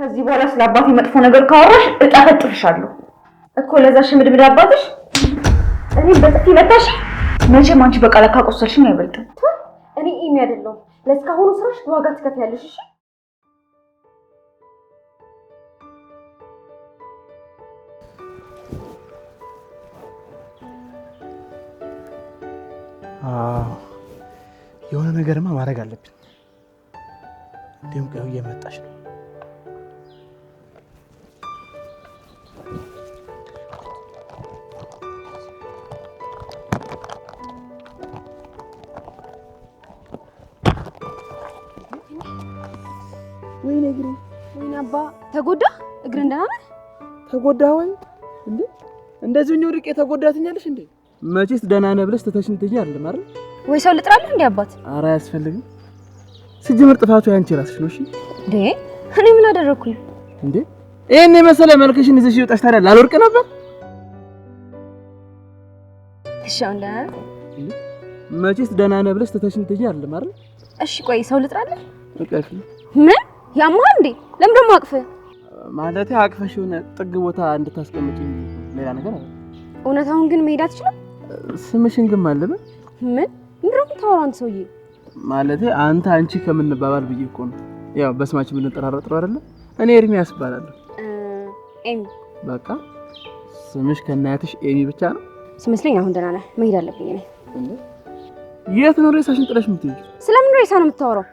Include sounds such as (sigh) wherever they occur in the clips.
ከዚህ በኋላ ስለ አባቴ መጥፎ ነገር ካወራሽ እጠፈጥፍሻለሁ እኮ ለዛ ሽምድምድ አባትሽ እኔ በጥፊ መታሽ። መቼም አንቺ በቃ ለካ ቆሰልሽኝ አይበልጥም። እኔ ኢሚ አይደለሁም። ለእስካሁኑ ስራሽ ዋጋ ትከፍያለሽ። እሺ የሆነ ነገርማ ማድረግ አለብን። እንዲሁም ቀዩ እየመጣች ነው ወይኔ እግሬ፣ ወይኔ አባ፣ ተጎዳ እግር እንደናነ ተጎዳ ወይ እንዴ! እንደዚህ ነው ርቄ ተጎዳ ትኛለሽ እንዴ? መቼስ ደህና ነህ ብለሽ ትተሽኝ ትኛለሽ ማለት ወይ ሰው ልጥራለህ እንዴ አባት? አረ አያስፈልግም። ስጀምር ጥፋቱ ያንቺ ራስሽ ነው። እሺ እንዴ እኔ ምን አደረኩኝ እንዴ? ይሄን የመሰለ መልክሽን ይዘሽ ይወጣሽ ታዲያ ላልወርቅ ነበር። እሺ አሁን ደህና ነህ? መቼስ ደህና ነህ ብለሽ ትተሽኝ ትኛለሽ ማለት እሺ። ቆይ ሰው ልጥራለህ? ምን ያማ እንዴ? ለምን ደግሞ አቅፈ ማለት አቅፈሽ የሆነ ጥግ ቦታ እንድታስቀምጪ ሌላ ነገር አለ። እውነታውን ግን መሄድ አትችልም። ስምሽን ግን ማለበት ምን ምንድነው የምታወራው አንተ ሰውዬ? ማለት አንተ አንቺ ከምንባባል ብዬ እኮ ነው። ያው በስማችን ብንጠራረጥ ጥሩ እኔ ኤርሚያስ እባላለሁ። ኤሚ በቃ ስምሽ ከናያትሽ ኤሚ ብቻ ነው ሲመስለኝ። አሁን ደህና ነህ? መሄድ አለብኝ እኔ። የት ነው ሬሳሽን ጥለሽ የምትሄጂው? ስለምን ሬሳ ነው የምታወራው?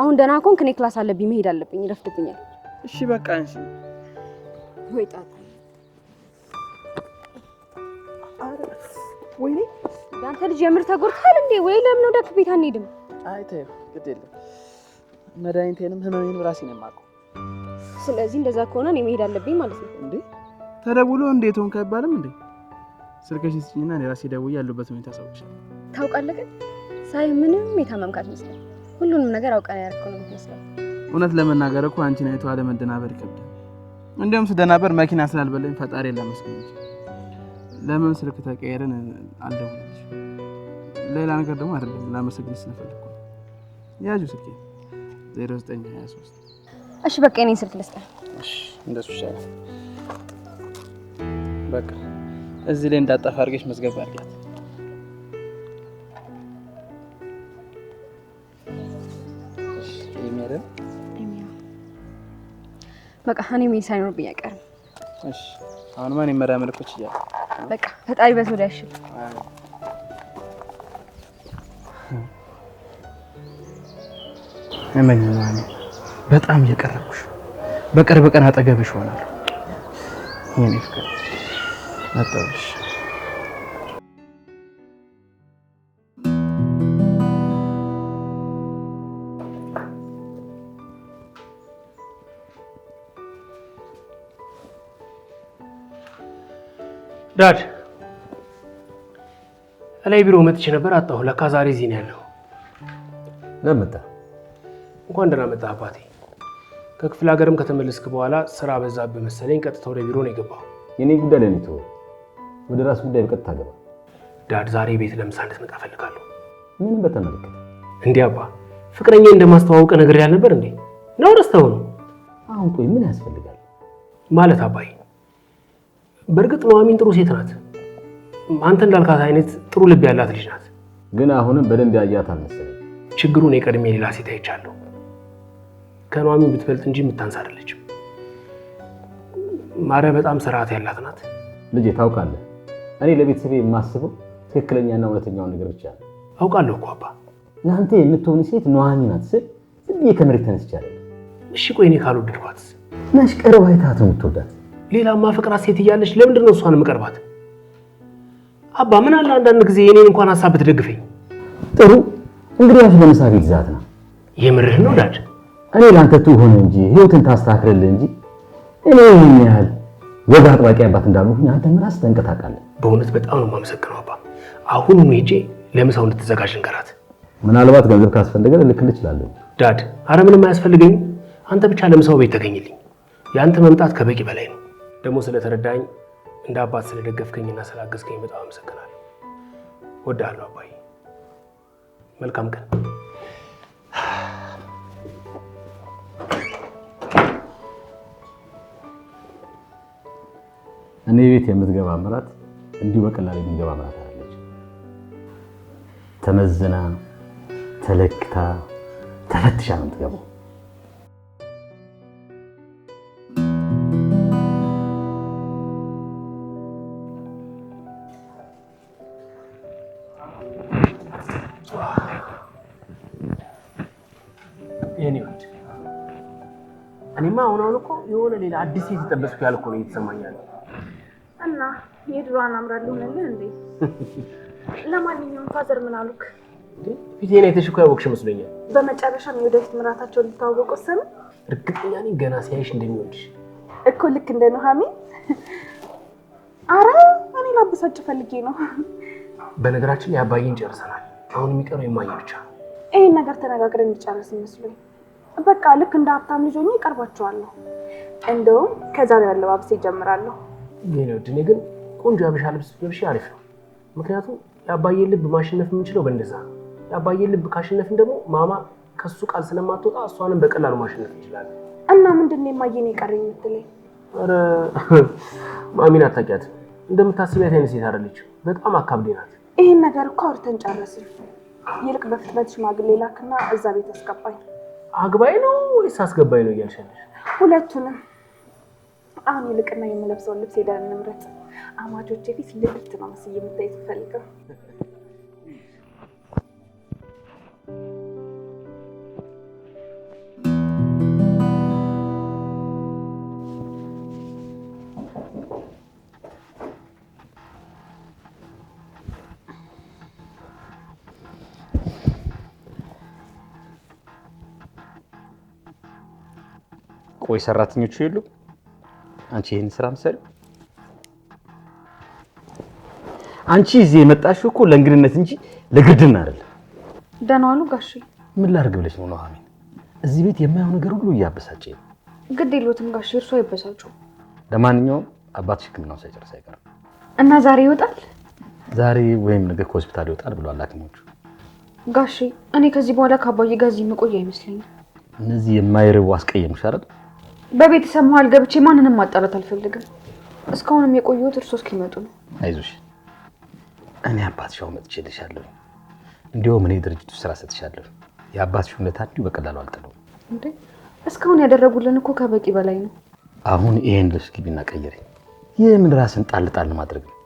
አሁን ደህና ከሆንክ እኔ ክላስ አለብኝ መሄድ አለብኝ፣ ይረፍድብኛል። እሺ በቃ እንሺ። ወይ ጣጣ ወይኔ አንተ ልጅ የምር ተጎድተሃል እንዴ? ወይ ለምን ወደ ቤት አንሄድም? አይ ተይው፣ ግድ የለም መድኃኒቴንም ህመሜንም ራሴ ነው የማውቀው። ስለዚህ እንደዛ ከሆነ እኔ መሄድ አለብኝ ማለት ነው እንዴ? ተደውሎ እንዴት ሆንክ አይባልም እንዴ? ስልክሽን ስጪኝና እኔ ራሴ ደውዬ ያለሁበት ሁኔታ ሰዎች ታውቃለህ። ግን ሳይ ምንም የታመምካት ይመስላል ሁሉንም ነገር አውቀን ያደረኩ ነው የምትመስለው። እውነት ለመናገር እኮ አንቺን አይቶ አለመደናበር ይከብዳል። እንዲሁም ስደናበር መኪና ስላልበለኝ ፈጣሪ ላመስገን። ለምን ስልክ ተቀየረን አልደወለች ሌላ ነገር ደግሞ አይደለም። ላመሰግን ስለፈለኩ ያጁ ስልክ 0923 እሺ፣ በቃ የኔን ስልክ ልስጥ። እንደሱ ይሻላል። በቃ እዚህ ላይ እንዳጠፋ አድርገሽ መዝገብ አድርጊያት። አይደል? በቃ እኔ መሄድ ሳይኖርብኝ አይቀርም። እሺ አሁንማ እኔም መራመድ እኮ ችያለሁ። በቃ ፈጣሪ በቶሎ ያሽል። እመኝ በጣም እየቀረብኩሽ፣ በቅርብ ቀን አጠገብሽ ሆናለሁ። ይሄኔ ፍቅር መጣሁልሽ። ዳድ እላይ ቢሮ መጥቼ ነበር አጣሁ። ለካ ዛሬ እዚህ ነው ያለው። ለምን እንኳን ደህና መጣ አባቴ። ከክፍለ ሀገርም ከተመለስክ በኋላ ስራ በዛብህ መሰለኝ ቀጥታ ወደ ቢሮ ነው የገባው። የኔ ጉዳይ ለኔቶ ወደ ራስ ጉዳይ በቀጥታ ገባ። ዳድ ዛሬ ቤት ለምሳ እንድትመጣ እፈልጋለሁ። ምንም በተመለከተ እንዲህ አባ ፍቅረኛ እንደማስተዋወቀ ነገር ያልነበር እንዴ ነው? ረስተኸው ነው? አሁን ቆይ ምን ያስፈልጋል ማለት አባዬ በእርግጥ ኑሐሚን ጥሩ ሴት ናት። አንተ እንዳልካት አይነት ጥሩ ልብ ያላት ልጅ ናት። ግን አሁንም በደንብ ያያት አልመሰለኝ። ችግሩን የቀድሜ ሌላ ሴት አይቻለሁ። ከኑሐሚን ብትበልጥ እንጂ የምታንስ አይደለችም። ማርያ በጣም ስርዓት ያላት ናት። ልጄ ታውቃለህ፣ እኔ ለቤተሰቤ የማስበው ትክክለኛና እውነተኛውን ነገር ብቻ ነው። አውቃለሁ እኮ አባ፣ ለአንተ የምትሆን ሴት ኑሐሚን ናት ስል ዝም ብዬ ከመሬት ተነስቻለሁ። እሺ ቆይ እኔ ካልወደድኳትስ? ነሽ ቀረብ አይታት ነው የምትወዳት ሌላ ማፈቅራት ሴት እያለች ለምንድን ነው እሷን የምቀርባት? አባ ምን አለ አንዳንድ ጊዜ የኔን እንኳን ሀሳብ ብትደግፈኝ። ጥሩ እንግዲህ ያሱ ለምሳሌ ይዛት ነው። የምርህ ነው ዳድ? እኔ ለአንተ ትሆን እንጂ ህይወትን ታስተካክልልህ እንጂ እኔ ይህን ያህል ወግ አጥባቂ አባት እንዳልሆንኩኝ አንተም ራስህ ጠንቅቀህ ታውቃለህ። በእውነት በጣም ነው የማመሰግነው አባ። አሁን ሄጄ ለምሳው እንድትዘጋጅ ንገራት። ምናልባት ገንዘብ ካስፈለገ ልክልህ እችላለሁ። ዳድ፣ አረ ምንም አያስፈልገኝም። አንተ ብቻ ለምሳው ቤት ተገኝልኝ። የአንተ መምጣት ከበቂ በላይ ነው። ደግሞ ስለተረዳኝ እንደ አባት ስለደገፍከኝና ስላገዝከኝ በጣም አመሰግናለሁ። ወዳለሁ አባይ። መልካም ቀን። እኔ ቤት የምትገባ ምራት እንዲሁ በቀላል የምትገባ ምራት አለች። ተመዝና ተለክታ ተፈትሻ ነው የምትገባው። የኔ ወድ እኔማ አሁን አሁን እኮ የሆነ ሌላ አዲስ የተጠበስኩ ያልኩ ነው እየተሰማኛል። እና የድሮዋን አምራለሁ ነልህ እንዴ? ለማንኛውም ፋዘር ምን አሉክ? ፊቴን አይተሽ እኮ ያወቅሽ መስሎኛል። በመጨረሻም የወደፊት ምራታቸውን ልታወቁ ሰም እርግጠኛ ነኝ ገና ሲያይሽ እንደሚወድሽ እኮ ልክ እንደ ኑሐሚን። አረ እኔ ላብሳጭ ፈልጌ ነው በነገራችን የአባዬን ጨርሰናል። አሁን የሚቀረው የማየ ብቻ። ይህን ነገር ተነጋግረን እንጨረስ ይመስሉኝ። በቃ ልክ እንደ ሀብታም ልጆ ሆኜ ይቀርባቸዋለሁ። እንደውም ከዛሬ አለባበሴ ይጀምራለሁ። ይህ እኔ ግን ቆንጆ ያበሻ ልብስ ለብሼ አሪፍ ነው። ምክንያቱም የአባዬን ልብ ማሸነፍ የምንችለው በእንደዛ ነው። የአባዬን ልብ ካሸነፍን ደግሞ ማማ ከሱ ቃል ስለማትወጣ እሷንም በቀላሉ ማሸነፍ እንችላለን። እና ምንድን ነው የማየን የቀረኝ የምትለኝ? ኧረ ማሚን አታውቂያትም። እንደምታስቢያት አይነት ሴት አይደለችም። በጣም አካብዴ ናት። ይህን ነገር እኮ አውርተን ጨረስን። ይልቅ በፍጥነት ሽማግሌ ላክና እዛ ቤት አስገባኝ። አግባኝ ነው ወይስ አስገባኝ ነው እያልሻለሽ? ሁለቱንም። አሁን ይልቅና የምለብሰውን ልብስ ሄደን እንምረጥ። አማቾቼ ፊት ልብት ነው መስዬ የምታይ ትፈልገው ወይ ሰራተኞቹ የሉ። አንቺ ይህን ስራ ምሰል አንቺ እዚህ የመጣሽው እኮ ለእንግድነት እንጂ ለግድን አይደለም። ደህና ዋሉ ጋሼ። ምን ላድርግ ብለሽ ነው ኑሐሚን? እዚህ ቤት የማየው ነገር ሁሉ እያበሳጨ ነው። ግድ የለዎትም ጋሽ፣ እርሱ አይበሳጩ። ለማንኛውም አባትሽ ሕክምናውን ሳይጨርስ አይቀርም እና ዛሬ ይወጣል። ዛሬ ወይም ነገ ከሆስፒታል ይወጣል ብለዋል ሐኪሞቹ። ጋሽ፣ እኔ ከዚህ በኋላ ከአባዬ ጋር እዚህ መቆይ አይመስለኝም። እነዚህ የማይረቡ አይደል? በቤተሰብ መሀል ገብቼ ማንንም ማጣላት አልፈልግም። እስካሁንም የቆየሁት እርሶ እስኪመጡ ነው። አይዞሽ፣ እኔ አባትሽ መጥቼልሻለሁ። እንዲሁም እኔ ድርጅቱ ስራ ሰጥሻለሁ። የአባትሽ እውነታ እንዲሁ በቀላሉ አልጥለውም። እንዴ እስካሁን ያደረጉልን እኮ ከበቂ በላይ ነው። አሁን ይሄን ልብስ ግቢና ቀይሪ። ይህ ምን ራስን ጣል ጣል ማድረግ ነው።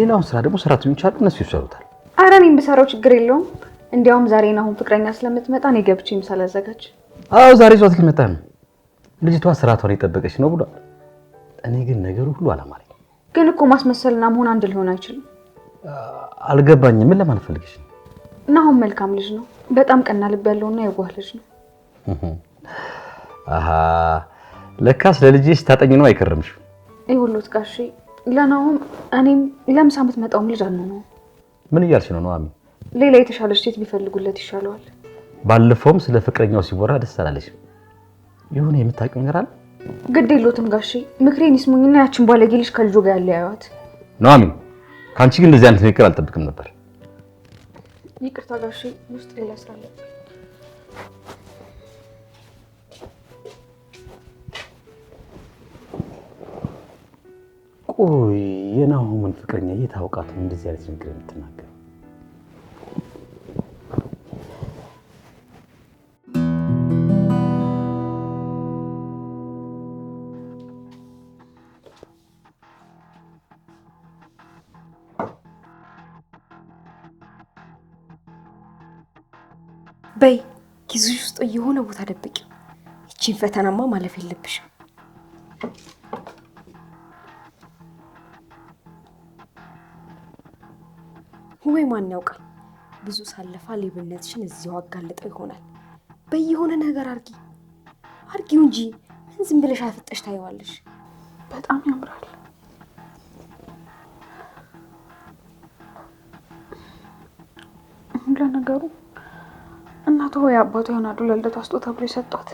ሌላውን ስራ ደግሞ ሰራተኞች አሉ፣ እነሱ ይሰሩታል። አረ እኔም ብሰራው ችግር የለውም። እንዲያውም ዛሬ አሁን ፍቅረኛ ስለምትመጣ እኔ ገብቼ ምሳ ላዘጋጅ። አዎ ዛሬ ዟት ሊመጣ ነው ልጅቷ ስርዓቷን የጠበቀች ነው ብሏል። እኔ ግን ነገሩ ሁሉ አላማረኝ። ግን እኮ ማስመሰልና መሆን አንድ ሊሆን አይችልም። አልገባኝም። ምን ለማለት ፈልገሽ ነው? እና መልካም ልጅ ነው። በጣም ቀና ልብ ያለውና የዋህ ልጅ ነው። አሀ ለካስ ለልጅሽ ታጠኝ ነው አይከርምሽ። ይሁሉት ጋሺ ለናውም እኔም ለምሳ የምትመጣውም ልጅ አለ ነው። ምን እያልሽ ነው? ነው ሌላ የተሻለች ሴት ቢፈልጉለት ይሻለዋል። ባለፈውም ስለ ፍቅረኛው ሲወራ ደስ አላለሽም። የሆነ የምታውቂው ነገር አለ? ግድ የለዎትም ጋሼ፣ ምክሬን ይስሙኝና ያችን ባለጌ ልጅ ከልጆ ጋር ያለ ያለያዩዋት። ኑሐሚን፣ ከአንቺ ግን እንደዚህ አይነት ንግግር አልጠብቅም ነበር። ይቅርታ ጋሼ፣ ውስጥ ሌላ ስራ አለብኝ። ቆይ የናሆምን ፍቅረኛ የታወቃት እንደዚህ አይነት ንግግር የምትናገር በይ ጊዜሽ ውስጥ የሆነ ቦታ ደብቂው። ይቺን ፈተናማ ማለፍ የለብሽም። ወይ ማን ያውቃል፣ ብዙ ሳለፋ ሌብነትሽን እዚያው አጋልጠው ይሆናል። በየሆነ ነገር አርጊ አርጊው እንጂ ምን ዝም ብለሽ አፍጠሽ ታየዋለሽ። በጣም ያምራል። ለነገሩ ወይ አባቷ ይሆናሉ ለልደቷ ስጦታ ብሎ የሰጧት።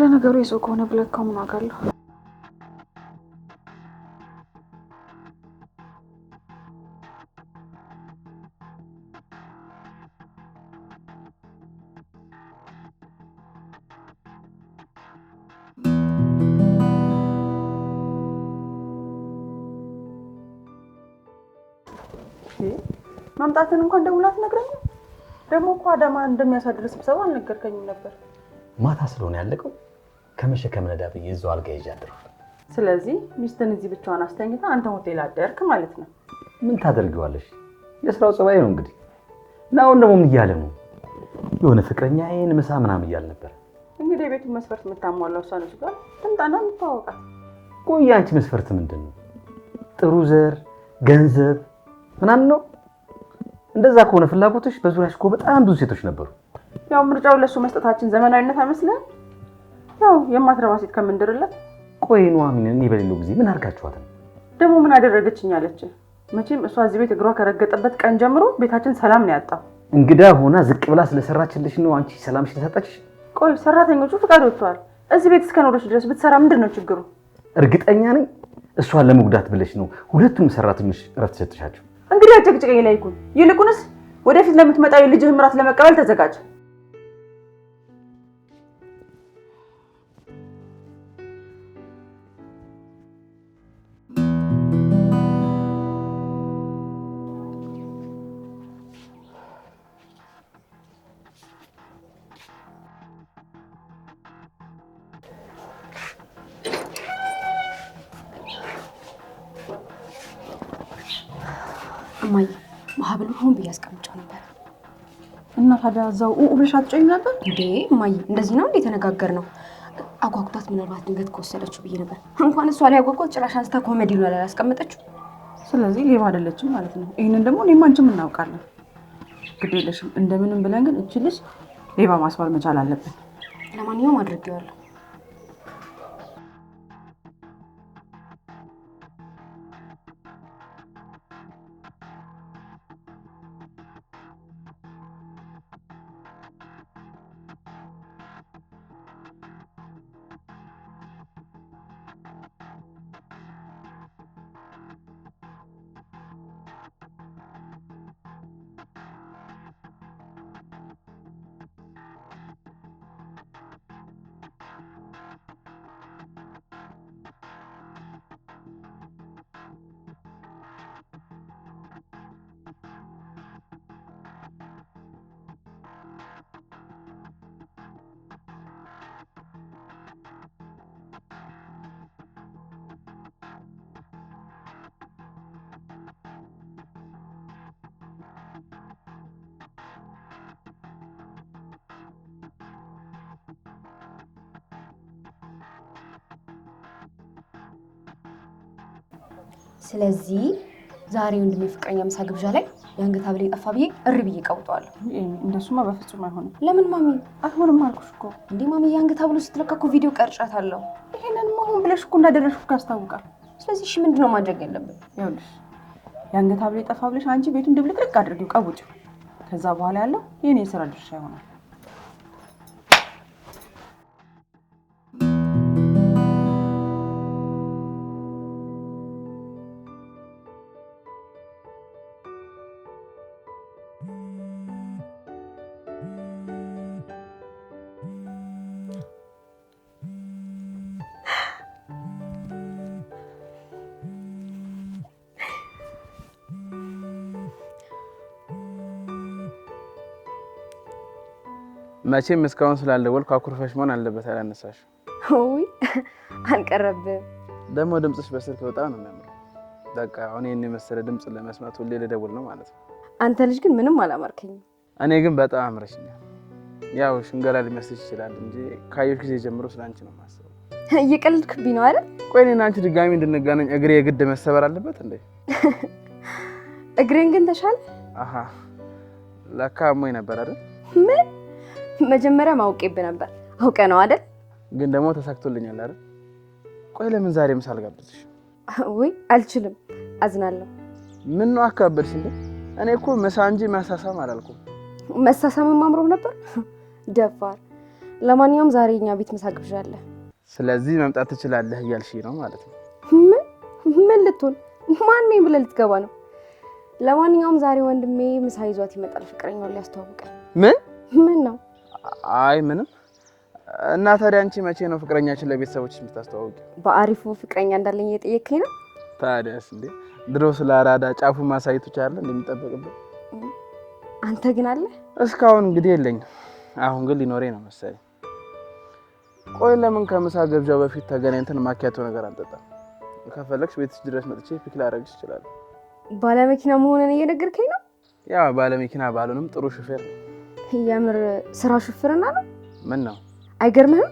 ለነገሩ የሰው ከሆነ ብለካው ምን ዋጋ አለው? መምጣትን እንኳን ደውላ አትነግረኝም። ደግሞ እኮ አዳማ እንደሚያሳድር ስብሰባ አልነገርከኝም ነበር። ማታ ስለሆነ ያለቀው ከመሸ ከመነዳ ብዬ እዛው አልጋ ይዤ አድሯል። ስለዚህ ሚስትን እዚህ ብቻዋን አስተኝታ አንተ ሆቴል አደርክ ማለት ነው። ምን ታደርገዋለሽ? የስራው ጸባይ ነው እንግዲህ። እና አሁን ደግሞ ምን እያለ ነው? የሆነ ፍቅረኛ ይህን ምሳ ምናምን እያል ነበር። እንግዲህ የቤቱን መስፈርት የምታሟላው እሷ ነች። ጋር ትምጣና የምታወቃል። ቆይ አንቺ መስፈርት ምንድን ነው? ጥሩ ዘር፣ ገንዘብ ምናምን ነው እንደዛ ከሆነ ፍላጎቶች በዙሪያሽ እኮ በጣም ብዙ ሴቶች ነበሩ። ያው ምርጫውን ለሱ መስጠታችን ዘመናዊነት አይመስልም? ያው የማትረባ ሴት ከምንድርለት። ቆይ ኑሐሚንን እኔ በሌለው ጊዜ ምን አድርጋችኋት ነው? ደግሞ ምን አደረገችኝ አለች። መቼም እሷ እዚህ ቤት እግሯ ከረገጠበት ቀን ጀምሮ ቤታችን ሰላም ነው ያጣው። እንግዳ ሆና ዝቅ ብላ ስለሰራችልሽ ነው አንቺ ሰላምሽ ተሰጠችሽ? ቆይ ሰራተኞቹ ፍቃድ ወጥተዋል። እዚህ ቤት እስከኖረች ድረስ ብትሰራ ምንድን ነው ችግሩ? እርግጠኛ ነኝ እሷን ለመጉዳት ብለሽ ነው ሁለቱም ሰራተኞች እረፍት ሰጥሻቸው። እንግዲህ አጨቅጭቀኝ ላይ ይልቁንስ ወደፊት ለምትመጣው የልጅህ ምራት ለመቀበል ተዘጋጅ። እማዬ ማህበሉ ሆን ብዬ አስቀምጫው ነበር እና ታዲያ እዛው ብለሽ አትጮኝ ነበር እንዴ? እማዬ እንደዚህ ነው እንዴ ነው? አጓጉቷት ምናልባት ድንገት ከወሰደችው ብዬ ነበር። እንኳን እሷ ላይ አጓጓት፣ ጭራሽ አንስታ ኮሜዲ ነው ላይ ያስቀመጠችው። ስለዚህ ሌባ አይደለችም ማለት ነው። ይህንን ደግሞ እኔም አንቺም እናውቃለን። ግድ የለሽም። እንደምንም ብለን ግን እችልሽ ሌባ ማስባል መቻል አለብን። ለማንኛውም አድርጌዋለሁ። ስለዚህ ዛሬ ወንድሜ ፍቅረኛ ምሳ ግብዣ ላይ የአንገት ሐብል ጠፋ ብዬ እሪ ብዬ ቀውጠዋል። እንደሱማ በፍጹም አይሆንም። ለምን ማሚ? አይሆንም አልኩሽ እኮ እንዴ ማሚ። የአንገት ሐብሉ ስትለካ እኮ ቪዲዮ ቀርጫታለሁ። ይሄንን መሆን ብለሽ እኮ እንዳደረሽ እኮ ያስታውቃል። ስለዚህ እሺ ምንድን ነው ማድረግ ያለብን? ይኸውልሽ የአንገት ሐብሉ ጠፋ ብለሽ አንቺ ቤቱን ድብልቅልቅ አድርጊው፣ ቀውጭ። ከዛ በኋላ ያለው የእኔ የስራ ድርሻ ይሆናል። መቼም እስካሁን ስላልደወልኩ አኩርፈሽ መሆን አለበት። አላነሳሽ ውይ አልቀረብም። ደግሞ ድምፅሽ በስልክ በጣም ነው የሚያምረው። በቃ አሁን ይህን የመሰለ ድምፅ ለመስማት ሁሌ ልደውል ነው ማለት ነው። አንተ ልጅ ግን ምንም አላማርከኝም። እኔ ግን በጣም አምረሽኛል። ያው ሽንገላ ሊመስልሽ ይችላል እንጂ ካየሽ ጊዜ ጀምሮ ስለ አንቺ ነው የማስበው። እየቀልድክብኝ ነው አይደል? ቆይ እኔና አንቺ ድጋሚ እንድንገናኝ እግሬ የግድ መሰበር አለበት እንዴ? እግሬን ግን ተሻለ። አሀ ለካ ሞኝ ነበር አይደል? ምን መጀመሪያ ማውቄብህ ነበር። አውቀ ነው አይደል? ግን ደግሞ ተሳክቶልኛል አይደል? ቆይ ለምን ዛሬ ምሳ አልጋብዝሽ? ውይ አልችልም፣ አዝናለሁ። ምን ነው አካበድሽ እንዴ? እኔ እኮ ምሳ እንጂ መሳሳም አላልኩም። መሳሳም ማምሮ ነበር (laughs) ደፋር። ለማንኛውም ዛሬ እኛ ቤት ምሳ ግብዣ አለ። ስለዚህ መምጣት ትችላለህ እያልሽ ነው ማለት ነው? ምን ምን ልትሆን ማን ነኝ ብለህ ልትገባ ነው? ለማንኛውም ዛሬ ወንድሜ ምሳ ይዟት ይመጣል። ፍቅረኛውን ሊያስተዋውቀኝ። ምን ምን ነው አይ ምንም። እና ታዲያ አንቺ መቼ ነው ፍቅረኛችን ለቤተሰቦች የምታስተዋውቂ? በአሪፉ ፍቅረኛ እንዳለኝ እየጠየከኝ ነው። ታዲያስ እንዴ ድሮ ስለ አራዳ ጫፉ ማሳየቱ ቻለ እንደሚጠበቅበት አንተ ግን አለ። እስካሁን እንግዲህ የለኝም። አሁን ግን ሊኖሬ ነው መሰለኝ። ቆይ ለምን ከምሳ ገብዣው በፊት ተገናኝተን ማኪያቶ ነገር አንጠጣም? ከፈለግሽ ቤትሽ ድረስ መጥቼ ፒክ ላደርግሽ እችላለሁ። ባለመኪና መሆንን እየነገርከኝ ነው? ያ ባለመኪና ባልሆንም ጥሩ ሹፌር ነው። የምር ስራ ሹፍርና ነው? ምን ነው አይገርምህም?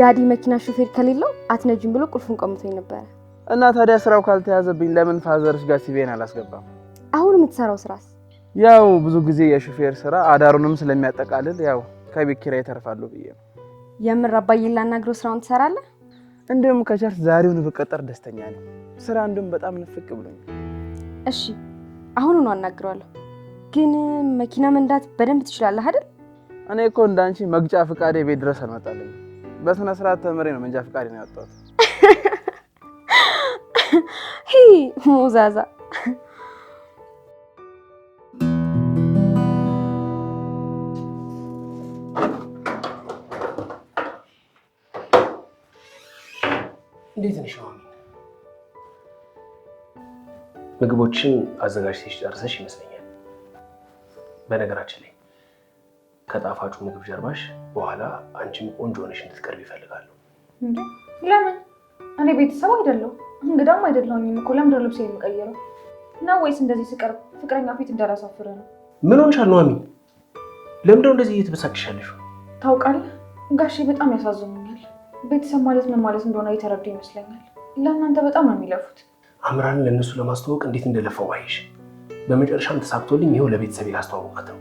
ዳዲ መኪና ሹፌር ከሌለው አትነጅም ብሎ ቁልፉን ቀምቶኝ ነበረ። እና ታዲያ ስራው ካልተያዘብኝ ለምን ፋዘርሽ ጋር ሲቤን አላስገባም? አሁን የምትሰራው ስራስ? ያው ብዙ ጊዜ የሹፌር ስራ አዳሩንም ስለሚያጠቃልል ያው ከቤት ኪራይ ይተርፋሉ ብዬ ነው። የምር አባዬን ላናግረው ስራውን ትሰራለህ? እንዲሁም ከቻርት ዛሬውን ብቀጠር ደስተኛ ነኝ። ስራ እንዲሁም በጣም ንፍቅ ብሎኛል። እሺ ነው አናግረዋለሁ። ግን መኪና መንዳት በደንብ ትችላለህ አይደል? እኔ እኮ እንዳንቺ መግጫ ፍቃዴ ቤት ድረስ አልመጣልኝም። በስነ ስርዓት ተምሬ ነው መንጃ ፍቃዴ ነው ያወጣሁት። (laughs) ሂ ሙዛዛ እንዴት ነሽ? ምግቦችን አዘጋጅተሽ ጨርሰሽ ይመስለኛል። በነገራችን ላይ ከጣፋጩ ምግብ ጀርባሽ በኋላ አንቺም ቆንጆ ሆነሽ እንድትቀርብ ይፈልጋሉ። ለምን? እኔ ቤተሰብ አይደለሁ እንግዳም አይደለሁኝም እኮ ለምንድነው ልብስ የምቀይረው? እና ወይስ እንደዚህ ስቀርብ ፍቅረኛ ፊት እንዳላሳፍረ ነው? ምን ሆንሻል ኑሐሚን? ለምንድነው እንደዚህ እየተበሳጭሻለሽ? ታውቃለህ ጋሼ በጣም ያሳዝኑኛል። ቤተሰብ ማለት ምን ማለት እንደሆነ እየተረዱ ይመስለኛል። ለእናንተ በጣም ነው የሚለፉት። አምራንን ለእነሱ ለማስተዋወቅ እንዴት እንደለፈው አይሽ በመጨረሻም ተሳክቶልኝ ይኸው ለቤተሰብ ላስተዋወቃት ነው።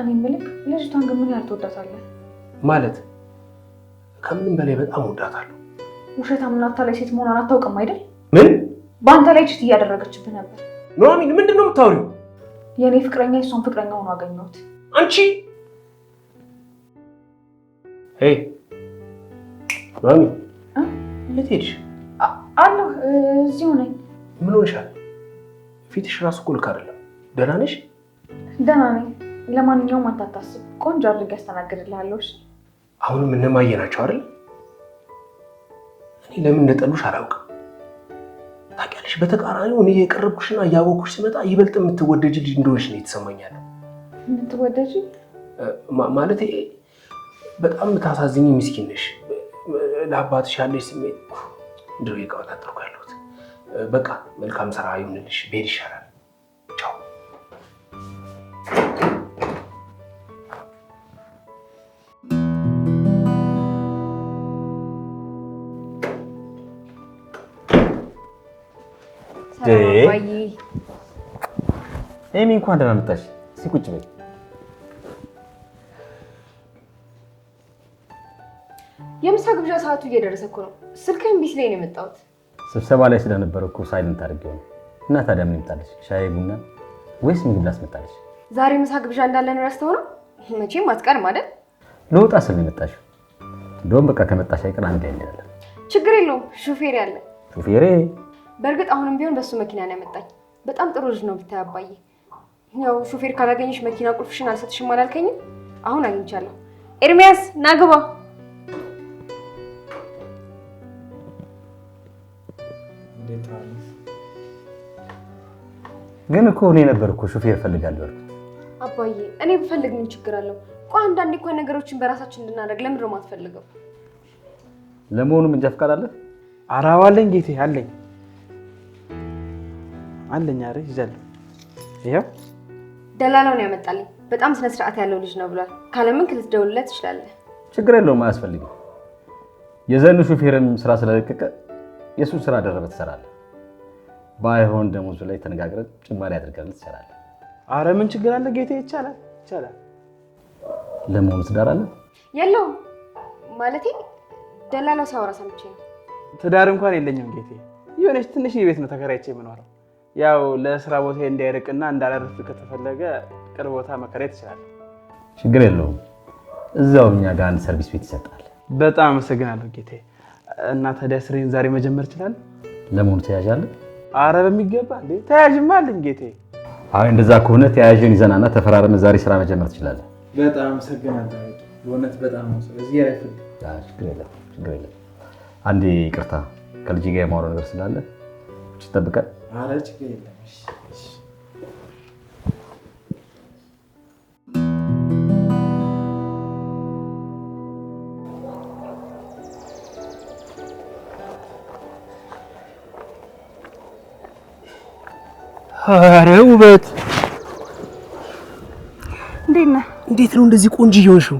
እኔ የምልህ ልጅቷን ግን ምን ያህል ትወዳታለህ? ማለት ከምንም በላይ በጣም ወዳታለሁ። ውሸታም ናታ ላይ ሴት መሆኗን አታውቅም አይደል? ምን በአንተ ላይ ችት እያደረገችብህ ነበር። ኑሐሚን ምንድን ነው የምታወሪው? የእኔ ፍቅረኛ እሷን ፍቅረኛ ሆኖ አገኘሁት። አንቺ ሄይ ኑሐሚን የት ሄድሽ? አለሁ እዚሁ ነኝ። ምን ሆንሻል? ፊትሽ ራሱ እኮ ልክ አይደለም። ደህና ነሽ? ደህና ነኝ። ለማንኛውም አታታስብ፣ ቆንጆ አድርጌ ያስተናግድልሃለሁ። እሺ። አሁንም እነማየ ናቸው አይደል? እኔ ለምን እንደጠሉሽ አላውቅም። ታውቂያለሽ፣ በተቃራኒው እኔ የቀረብኩሽና እያወኩሽ ስመጣ ይበልጥ የምትወደጅ ልጅ እንደሆንሽ ነው የተሰማኛለሁ። የምትወደጅ ማለት በጣም የምታሳዝኝ ምስኪን ነሽ። ለአባትሽ ያለሽ ስሜት እንደው የቀበጣጠርኩ በቃ መልካም ስራ ይሁንልሽ። ቤድ ይሻላል። ቻው። ኤሚ እንኳን ደህና መጣሽ። እስኪ ቁጭ በይ። የምሳ ግብዣ ሰዓቱ እየደረሰ እኮ ነው። ስልክህን ቢስ ላይ ነው የመጣሁት ስብሰባ ላይ ስለነበረ እኮ ሳይለንት አድርጌው ነው። እና ታዲያ ምን ይምጣልሽ? ሻይ ቡና ወይስ ምግብ ላስመጣልሽ? ዛሬ ምሳ ግብዣ እንዳለን ረስተው ነው። መቼም አትቀርም አይደል? ለውጣ ስል የመጣሽው። እንደውም በቃ ከመጣሽ አይቀር አንድ ያለ ችግር የለውም ሹፌሬ አለ። ሹፌሬ። በእርግጥ አሁንም ቢሆን በሱ መኪና ነው ያመጣኝ። በጣም ጥሩ ልጅ ነው ብታይ አባዬ። ያው ሹፌር ካላገኘሽ መኪና ቁልፍሽን አልሰጥሽም አላልከኝም? አሁን አግኝቻለሁ። ኤርሚያስ ናግባ ግን እኮ እኔ ነበር እኮ ሹፌር እፈልጋለሁ ያልኩት። አባዬ እኔ ብፈልግ ምን ችግር አለው? ቆይ አንዳንዴ እኮ ነገሮችን በራሳችን እንድናደርግ ለምንድን ነው የማትፈልገው? ለመሆኑ መንጃ ፈቃድ አለ? ኧረ አዎ አለኝ ጌቴ፣ አለኝ አለኝ። ኧረ ይዣለሁ። ይኸው ደላላውን ያመጣልኝ። በጣም ስነ ስርዓት ያለው ልጅ ነው ብሏል። ካለምን ክልት ደውልለት ትችላለህ። ችግር የለውም፣ አያስፈልግም። የዘኑ ሹፌርም ስራ ስለለቀቀ የእሱን ስራ ደረበ ትሰራለህ ባይሆን ደሞዙ ላይ ተነጋግረን ጭማሪ አድርገን ትሰራለን። አረ ምን ችግር አለ ጌታ፣ ይቻላል ይቻላል። ለመሆኑ ትዳር አለ የለውም? ማለቴ ደላላው ሲያወራ ሰምቼ ነው። ትዳር እንኳን የለኝም ጌቴ። የሆነች ትንሽ ቤት ነው ተከራይቼ የምኖረው። ያው ለስራ ቦታ እንዳይርቅና እንዳላረፍ ከተፈለገ ቅርብ ቦታ መከራየት ትችላለህ። ችግር የለውም። እዛው እኛ ጋር አንድ ሰርቪስ ቤት ይሰጣል። በጣም አመሰግናለሁ ጌቴ። እና ታዲያ ስሬን ዛሬ መጀመር ይችላል? ለመሆኑ ተያዣለን አረ በሚገባ እንዴ ተያዥማ አለኝ ጌቴ። አይ እንደዛ ከሆነ ተያዥን ይዘናና ተፈራረመ ዛሬ ስራ መጀመር ትችላለህ። በጣም አመሰግናለሁ። በእውነት በጣም ነው። ስለዚህ አይፈል ችግር የለም ችግር የለም። አንዴ ይቅርታ ከልጅ ጋር የማወራው ነገር ስላለ ትጠብቀን። አረ ችግር የለም። አረ ውበት! እንዴት ነህ? እንዴት ነው እንደዚህ ቆንጆ እየሆንሽው?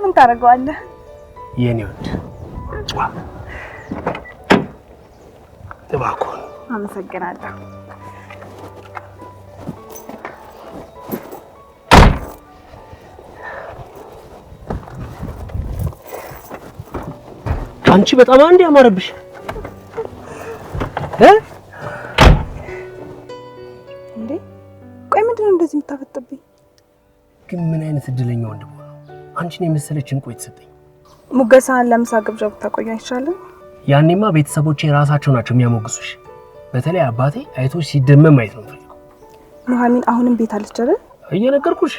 ምን ታደርገዋለህ የኔ ወንድ። እባክዎን። አመሰግናለሁ። አንቺ በጣም አንድ ያማረብሽ እ ግን ምን አይነት እድለኛ ወንድም ነው አንቺን የመሰለች እንቁ የተሰጠኝ። ሙገሳህን ለምሳ ግብዣ ብታቆይ አይሻልም? ያኔማ ቤተሰቦቼ ራሳቸው ናቸው የሚያሞግሱሽ። በተለይ አባቴ አይቶች ሲደመም ማየት ነው ፈልገው። ኑሐሚን አሁንም ቤት አለች አይደል? እየነገርኩሽ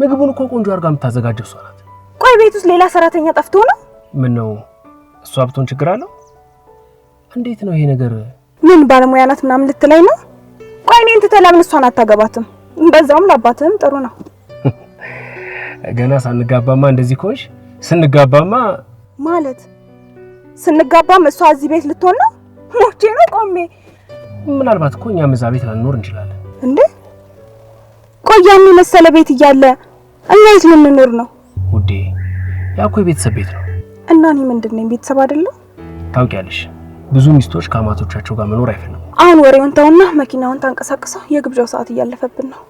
ምግቡን እኮ ቆንጆ አድርጋ የምታዘጋጀው እሷ ናት። ቆይ ቤት ውስጥ ሌላ ሰራተኛ ጠፍቶ ነው? ምን ነው እሷ ብትሆን ችግር አለው? እንዴት ነው ይሄ ነገር? ምን ባለሙያ ናት ምናምን ልትለኝ ነው? ቆይ እኔን ትተህ ለምን እሷን አታገባትም? በዛውም ለአባትህም ጥሩ ነው። ገና ሳንጋባማ እንደዚህ ከሆንሽ ስንጋባማ ማለት ስንጋባም እሷ እዚህ ቤት ልትሆን ነው። ሞቼ ነው ቆሜ። ምናልባት እኮ እኛም እዛ ቤት ላንኖር እንችላለን። እንዴ ቆያም የመሰለ ቤት እያለ እኛ የት ልንኖር ነው ውዴ? ያ እኮ የቤተሰብ ቤት ነው። እና እኔ ምንድን ነኝ? ቤተሰብ አይደለም። ታውቂያለሽ፣ ብዙ ሚስቶች ከአማቶቻቸው ጋር መኖር አይፈልጉም። አሁን ወሬውን ተውና መኪናውን ታንቀሳቅሰው፣ የግብዣው ሰዓት እያለፈብን ነው።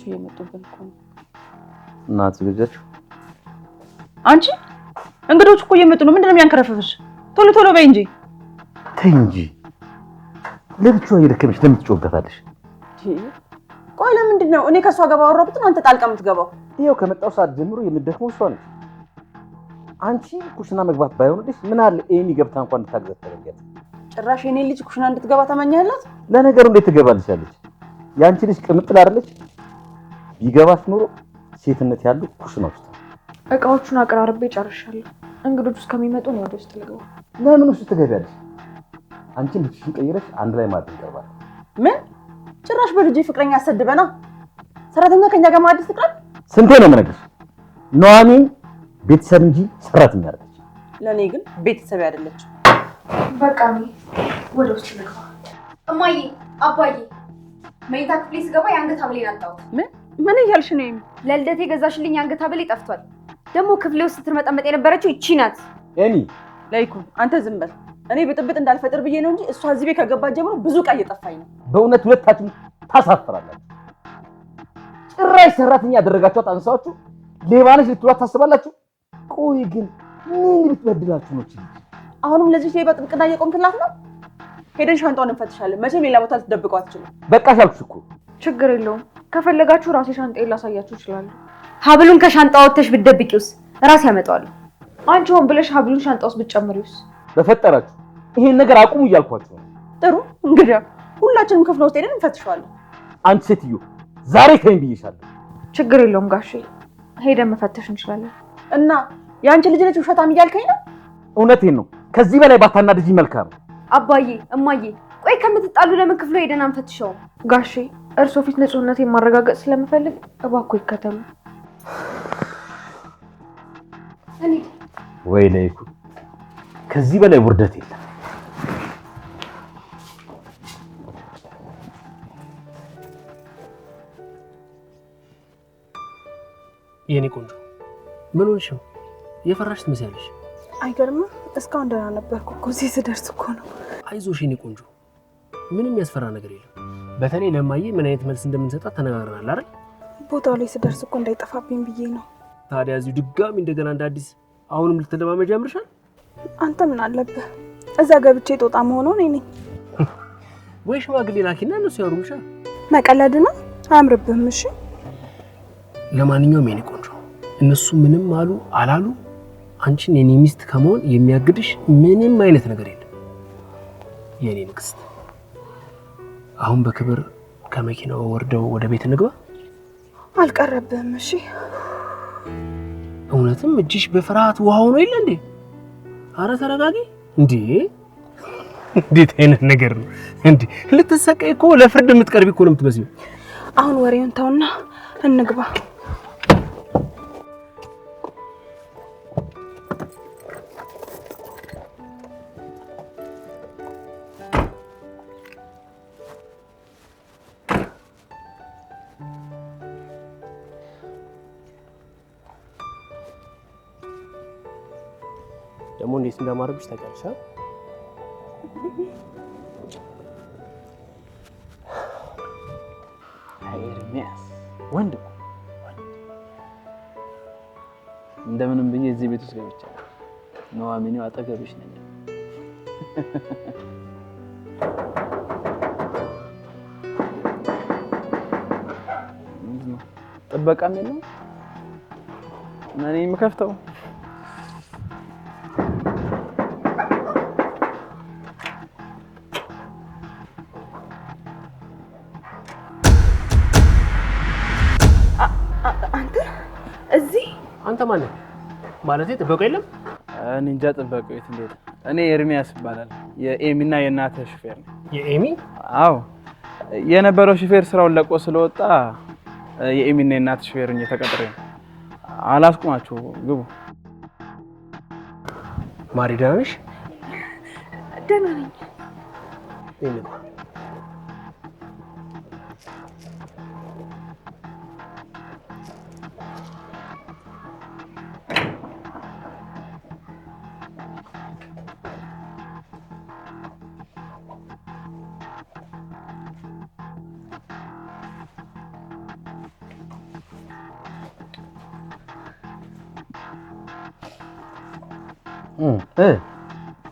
ልጆቹ እየመጡብን እኮ ነው። እናት ዝግጃች። አንቺ እንግዶች እኮ እየመጡ ነው። ምንድነው የሚያንከረፈፍሽ? ቶሎ ቶሎ በይ እንጂ ተይ እንጂ። ለብቻዋ እየደከመች ለምን ትጮህበታለሽ? ቆይ ለምንድን ነው እኔ ከእሷ ጋር ባወራሁበት አንተ ጣልቃ የምትገባው? ይኸው ከመጣው ሰዓት ጀምሮ የምደክመው እሷ ነች። አንቺ ኩሽና መግባት ባይሆንልሽ ምን አለ ኤሚ ገብታ እንኳን እንድታግዛት ተረጋት። ጭራሽ የኔ ልጅ ኩሽና እንድትገባ ተመኛላት። ለነገሩ እንዴት ትገባልሻለች? ያንቺ ልጅ ቅምጥል አይደለች? ቢገባሽ ኑሮ ሴትነት ያሉ ኩሽና ውስጥ እቃዎቹን አቀራርቤ ጨርሻለሁ። እንግዶች እስከሚመጡ ነው ወደ ውስጥ ልገባ። ለምን ውስጥ ትገቢያለሽ? አንቺን ልጅሽን ቀይረሽ አንድ ላይ ማድረግ ይቀርባል። ምን ጭራሽ በልጄ ፍቅረኛ ያሰድበና ሰራተኛ ከኛ ጋር ማዕድ ትቅረብ። ስንቴ ነው የምነግርሽ? ነዋሚ ቤተሰብ እንጂ ሰራተኛ አይደለች። ለእኔ ግን ቤተሰብ አይደለች። በቃ ወደ ውስጥ ልግባ። እማዬ፣ አባዬ መኝታ ክፍሌ ስገባ የአንገት ሐብሌን አጣሁት። ምን ምን እያልሽ ነው? ለልደት የገዛሽልኝ አንገት ሐብል ይጠፍቷል። ደግሞ ክፍሌ ውስጥ ስትርመጠመጥ የነበረችው ይቺ ናት። ኤኒ ላይኩን፣ አንተ ዝም በል። እኔ ብጥብጥ እንዳልፈጥር ብዬ ነው እንጂ እሷ እዚህ ቤት ከገባች ጀምሮ ብዙ ዕቃ እየጠፋኝ ነው። በእውነት ሁለታችሁ ታሳፍራላችሁ። ጭራሽ ሰራተኛ ያደረጋችኋት አንሳችሁ ሌባ ነች ልትሏት ታስባላችሁ። ቆይ ግን ምን ልትበድላችሁ ነው? አሁንም ለዚህ ሌባ ጥብቅና እየቆምክላት ነው? ሄደን ሻንጣውን እንፈትሻለን። መቼም ሌላ ቦታ ልትደብቀው አትችልም። በቃ ሻልኩሽ እኮ ችግር የለውም። ከፈለጋችሁ ራሴ ሻንጣ ላሳያችሁ እችላለሁ። ሀብሉን ከሻንጣ ወጥተሽ ብትደብቂውስ? ራሴ ያመጣዋለሁ። አንቺ ሆን ብለሽ ሀብሉን ሻንጣ ውስጥ ብትጨምሪውስ? በፈጠራችሁ ይሄን ነገር አቁሙ እያልኳችሁ ነው። ጥሩ እንግዲያ ሁላችንም ክፍለ ውስጥ ሄደን እንፈትሸዋለን። አንቺ ሴትዮ ዛሬ ከኝ ብዬሻለሁ። ችግር የለውም ጋሼ፣ ሄደን መፈተሽ እንችላለን። እና የአንቺ ልጅ ነች ውሸታም እያልከኝ ነው? እውነቴን ነው። ከዚህ በላይ ባታናድጂኝ መልካም። አባዬ እማዬ ቆይ ከምትጣሉ ለምን ክፍሎ ሄደን አንፈትሸውም? ጋሼ እርሶ ፊት ንጹህነት የማረጋገጥ ስለምፈልግ እባክዎ ይከተሉ። ወይ ለይኩ ከዚህ በላይ ውርደት የለም። የኔ ቆንጆ ምን ሆንሽ ነው? የፈራሽ ትመስያለሽ። አይገርምም? እስካሁን ደህና ነበርኩ እኮ እዚህ ስደርስ እኮ ነው። አይዞሽ የኔ ቆንጆ ምንም ያስፈራ ነገር የለም። በተለይ ለማዬ ምን አይነት መልስ እንደምንሰጣት ተነጋግረናል አይደል? ቦታው ላይ ስደርስ እኮ እንዳይጠፋብኝ ብዬ ነው። ታዲያ እዚሁ ድጋሚ እንደገና እንደ አዲስ አሁንም ልትለማመጃ ያምርሻል። አንተ ምን አለብህ እዛ ገብቼ ጦጣ መሆኑ ነኝ ነኝ (laughs) ወይ ሽማግሌ ላኪና እነሱ ያሩምሻል። መቀለድ ነው አያምርብህም። እሺ ለማንኛውም የኔ ቆንጆ እነሱ ምንም አሉ አላሉ አንቺን የኔ ሚስት ከመሆን የሚያግድሽ ምንም አይነት ነገር የለም የኔ ንግስት። አሁን በክብር ከመኪናው ወርደው ወደ ቤት እንግባ። አልቀረብህም? እሺ። እውነትም እጅሽ በፍርሃት ውሃ ሆኖ የለ እንዴ? አረ ተረጋጊ። እንዴ እንዴት አይነት ነገር ነው እንዴ? ልትሰቀይ እኮ ለፍርድ የምትቀርቢ እኮ ነው የምትመስለው። አሁን ወሬውን ተውና እንግባ። እንዴት እንደማድረግሽ ታውቂያለሽ። ኤርሚያስ ወንድ እንደምንም ብዬ እዚህ ቤት ውስጥ ገብቻለሁ። ኑሐሚን አጠገብሽ ነኝ። ጥበቃም የለም እኔ የምከፍተው ማን ማለት ጥበቃ የለም? እኔ እንጃ ጥበቃው የት እንደሄደ። እኔ ኤርሚያስ ይባላል። የኤሚ የኤሚና የእናተ ሹፌር ነው። የኤሚ? አዎ የነበረው ሹፌር ስራውን ለቆ ስለወጣ የኤሚ የኤሚና የእናተ ሹፌር ነኝ። ተቀጥሬ አላስቁማችሁ፣ ግቡ። ማሪ ደህና ነሽ? ደህና ነኝ።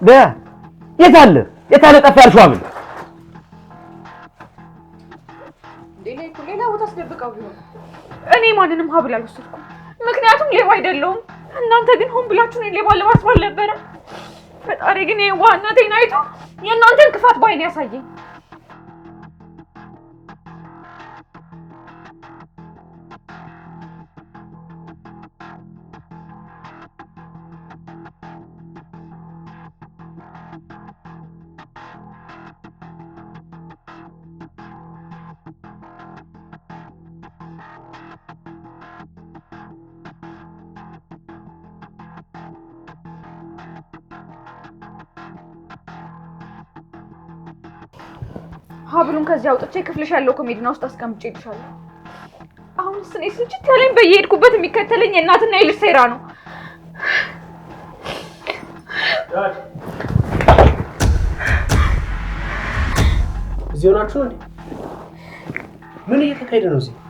በያ የት አለ የት አለ ጠፋ ያልሽው አምን ቦታ አስደብቀው እኔ ማንንም ሀብል አልወሰድኩም ምክንያቱም ሌባ አይደለሁም እናንተ ግን ሆን ብላችሁ እኔን ሌባ ለማስባል ነበረ ፈጣሪ ግን የዋህነቴን አይቶ የእናንተን ክፋት ባይን ያሳየኝ ሀብሉን ከዚህ አውጥቼ ክፍልሽ ያለው ኮሜዲና ውስጥ አስቀምጬ ይልሻለሁ። አሁን ስኔ ስልችት ያለኝ በየሄድኩበት የሚከተለኝ የእናትና የልጅ ሴራ ነው። እዚህ ሆናችሁ ምን እየተካሄደ ነው እዚህ?